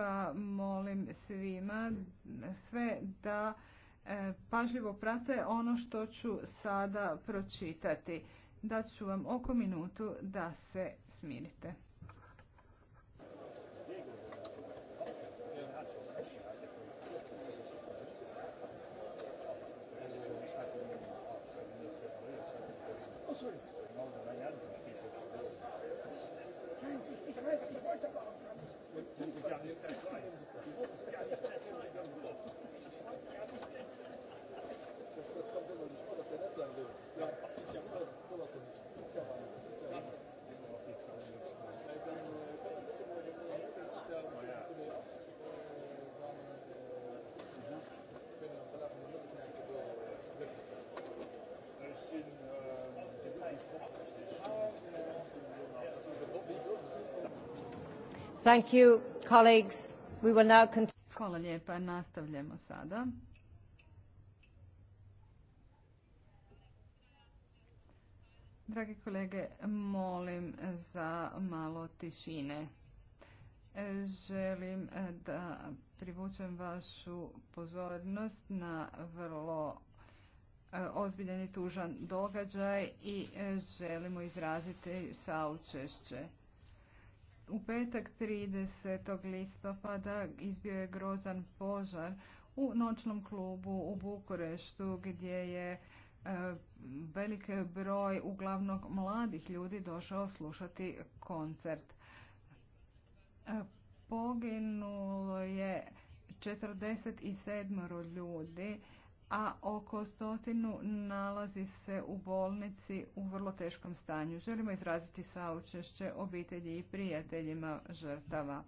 pa molim svima sve da e, pažljivo prate ono što ću sada pročitati. Dat ću vam oko minutu da se smirite. nastavljamo sada. Dragi kolege, molim za malo tišine. Želim da privučem vašu pozornost na vrlo e, ozbiljan i tužan događaj i e, želimo izraziti saučešće petak 30. listopada izbio je grozan požar u noćnom klubu u Bukureštu gdje je e, veliki broj uglavnom mladih ljudi došao slušati koncert. E, poginulo je 47 ljudi, a oko stotinu nalazi se u bolnici u vrlo teškom stanju. Želimo izraziti saučešće obitelji i prijateljima žrtava.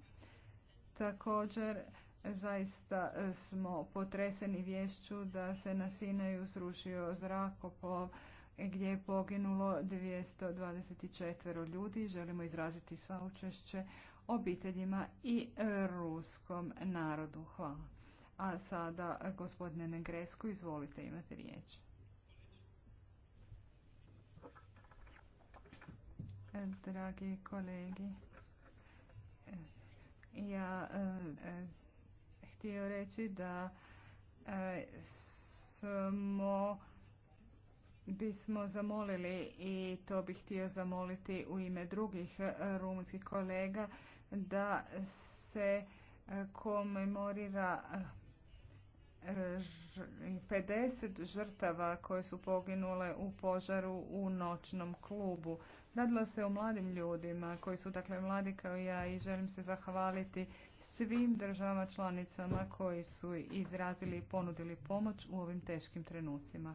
Također, zaista smo potreseni vješću da se na Sinaju srušio zrakoplov gdje je poginulo 224 ljudi. Želimo izraziti saučešće obiteljima i ruskom narodu. Hvala. A sada, gospodine Negresku, izvolite, imate riječ. Dragi kolegi, ja eh, htio reći da eh, smo bismo zamolili i to bih htio zamoliti u ime drugih eh, rumunskih kolega da se komemorira 50 žrtava koje su poginule u požaru u noćnom klubu. Radilo se o mladim ljudima koji su dakle mladi kao ja i želim se zahvaliti svim državama članicama koji su izrazili i ponudili pomoć u ovim teškim trenucima.